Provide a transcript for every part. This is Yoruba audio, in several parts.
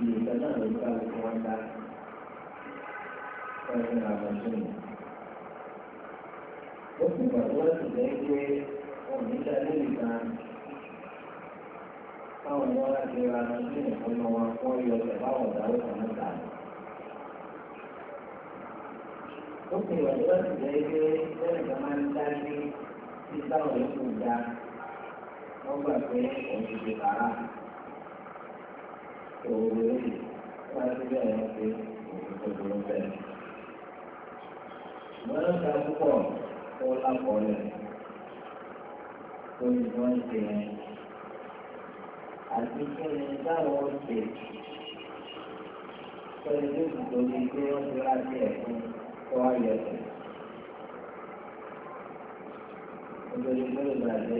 iye ìgbà náà ló bá lè wọ́n dá ẹ̀rọ àwọn ọ̀ṣun. ó sì gbàgbọ́ láti lẹ́ pé òní dá lórí kan káwọn ọmọ láti ra ọ̀ṣun ìfọ̀nà wọn wọ́n yọ ọ̀sẹ̀ báwọn ọ̀dáwó kan náà dà. ó sì gbàgbọ́ láti lẹ́ pé lẹ́yìn tó máa ń dá ní títà òní kò dá wọ́n gbà pé òun ti di kàrá owó lórí pé wọ́n ń ta púpọ̀ tó lápọ̀lẹ̀ lórí ni pé wọ́n ti rà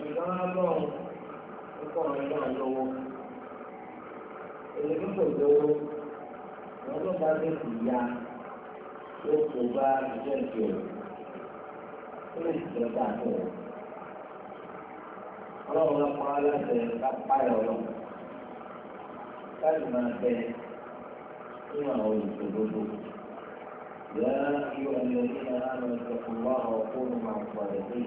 ṣùgbọ́n ọlọ́run ó kọ́ tó lówó wọn bá lè ọlọ́run lọ aláṣẹ ká páyà káàdì máa bẹ nínú àwọn olùdókòwò. يا أيها الذين آمنوا اتقوا الله وكونوا مع الصالحين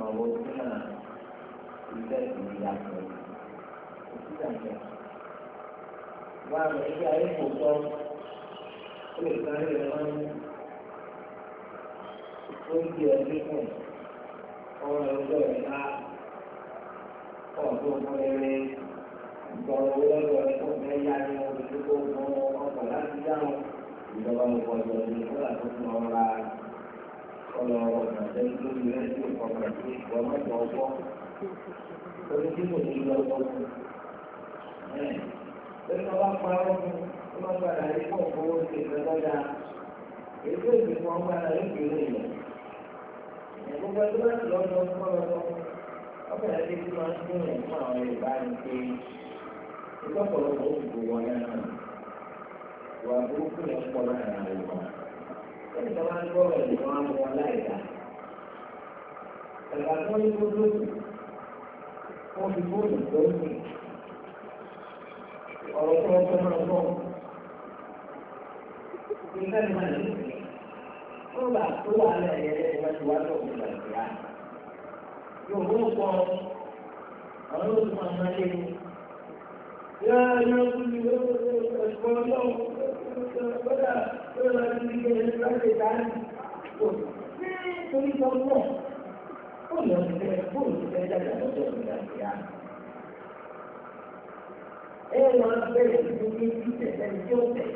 mọ̀ owó tí náà iṣẹ́ ìlú yàtọ̀ òsì dàgbà. Wọ́n àmọ̀ ẹgbẹ́ ayé kò tọ́ ó lè sáré rẹ̀ wọ́n ní ó ń di ẹgbẹ́ pọ̀ ọ̀rọ̀ ẹgbẹ́ rẹ̀ ká ọ̀dọ́ ọmọ rẹ̀ ìgbọ̀rọ̀ owó lọ́dọ̀ rẹ̀ kó fẹ́ yá ní tó kó mọ́ ọkọ̀ láti dáhùn ìjọba ọ̀pọ̀ ìjọba ìjọba tó ń lọ ra onídìbò ní ilé ọkọ fún un lọ́sọ̀ bá parọ́ fún un wọ́n padà rí pọ̀ fowó ṣe ìrẹ́lọ́dà èso ìgbìmọ̀ wọn padà tí ìjọba ń gbọ́ rẹ̀ lọ́wọ́ ń wọ láìka. Ẹ̀ka tó ní gbogbo ó fi bóòlù tó ń bì. Ọ̀rọ̀ tó ń tọ́nà bọ̀. Ìfẹ́ mi máa ń lè ó gbà tó wà lẹ́yìn ẹ̀yẹ́ ìwájú òkúta ìgbà. Yòówó pọ̀ àwọn olùkọ́ àmọ́ lé ní. Yáa yọ kúlù lọ́wọ́ ẹ̀kọ́ lọ́wọ́ lè darí òní torí gbogbo ẹ̀ bóòlù ọ̀sẹ̀ bẹ́ẹ̀ bóòlù ọ̀sẹ̀ bẹ́ẹ̀ dájú ọ̀sẹ̀ ọ̀sẹ̀ dájú yá. ẹ lọ bẹ̀rẹ̀ sí ní títẹ̀ sẹ́ni tí ó tẹ̀.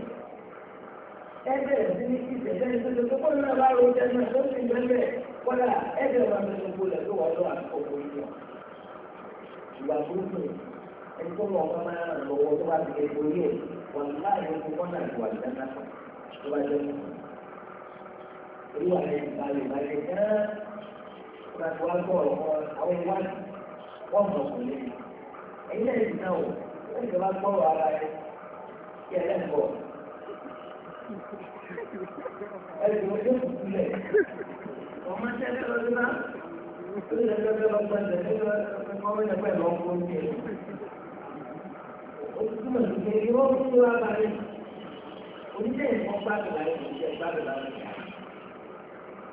ẹ bẹ̀rẹ̀ sí ní títẹ̀ sẹ́ni tó tẹ̀ lọ́nà bá ro jẹ́ náà tó ti gbẹ́lẹ̀ kọ́lá ẹ bẹ̀rẹ̀ máa bẹ̀rẹ̀ gbogbo rẹ̀ tó wà lọ́wọ́ àkókò yìí lọ. ìwà burúkú ẹni tó lọ ọmọ máa ràn lọ́wọ́ tó bá ti kẹ́ olúwa rẹ̀ balẹ̀ balẹ̀ gan-an nígbà tí wọ́n gbọ́ ọ̀rọ̀ àwọn ìwádìí wọ́n mọ̀ kò lè ẹ̀yin náà yìí náà ó wọ́n ń bọ̀ ẹ̀rọ ìwé yóò kù sílẹ̀ ó lè lọ́dún lọ́gbọ́n tẹ̀lé lọ́dún fún wa balẹ̀ oníṣẹ́ ìfọ̀gbàgbà ìṣẹ̀gbàgbà ìṣẹ̀gbàgbà.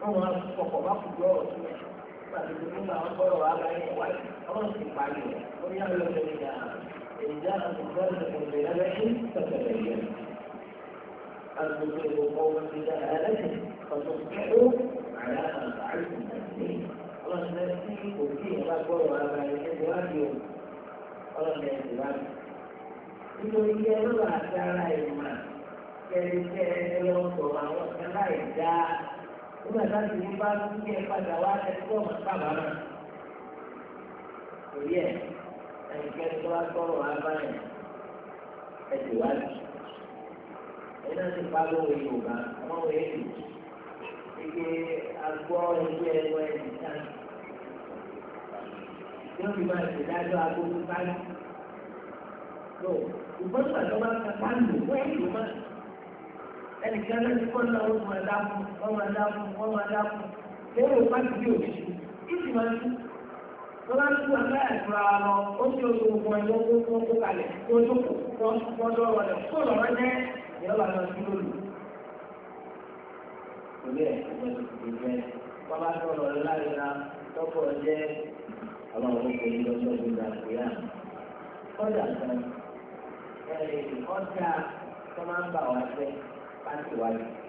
wọ́n máa ń kọ̀kọ̀ bá kú lọ́rọ̀ sí ẹ̀ pàtó nígbà wọn kọ́rọ̀ wá bá yẹn wáyé ọlọ́run sì parí ẹ̀ ó ní àwọn ọ̀rẹ́ ìjà ìjà Ọlọ́run ẹ̀ ti wá mi. Nítorí ẹ̀rọ àti ara ìmọ̀ kẹ̀lẹ́kẹ́ ẹ̀rọ sọ̀rọ̀ àwọn ọ̀sẹ̀ láì dáa nígbà táwọn ìwé bá ń gbé ẹ padà wá ẹgbẹ́ ọmọ sábà náà torí ẹ ẹnikẹ́ni tó bá sọ̀rọ̀ wá báyìí ẹ ti wá jù ẹ náà ti pa lóore yorùbá àwọn òye jù ike agbọ́ ẹgbẹ́ ẹgbẹ́ ẹ̀dìtá yóò fi máa ṣe dájọ́ agbóhùn báyìí lò ìgbọ́dọ̀ tó bá ń wọ́n ẹ̀ máa ẹnìkan ló ti kọ́ ní àwọn ọmọ ẹ̀dá fún ọmọ ẹ̀dá fún ọmọ ẹ̀dá fún lérò pàtó bí òṣù ìsì máa tú tó bá tú ọ̀gá ẹ̀fọ́ lọ ó ti oṣù gbogbo ẹ̀ ló kó kó kalẹ̀ tó tó kó kó lọ́wọ́ rẹ̀ kó lọ́wọ́ jẹ́ ìyọ́wà lọ sí lólu. torí ẹ̀ ẹgbẹ́ tuntun jẹ́ bábá sọ̀rọ̀ láríra tọ́pọ̀ jẹ́ kan ẹ̀ ọjà tó máa ń bà wá jẹ́ àti wáyé.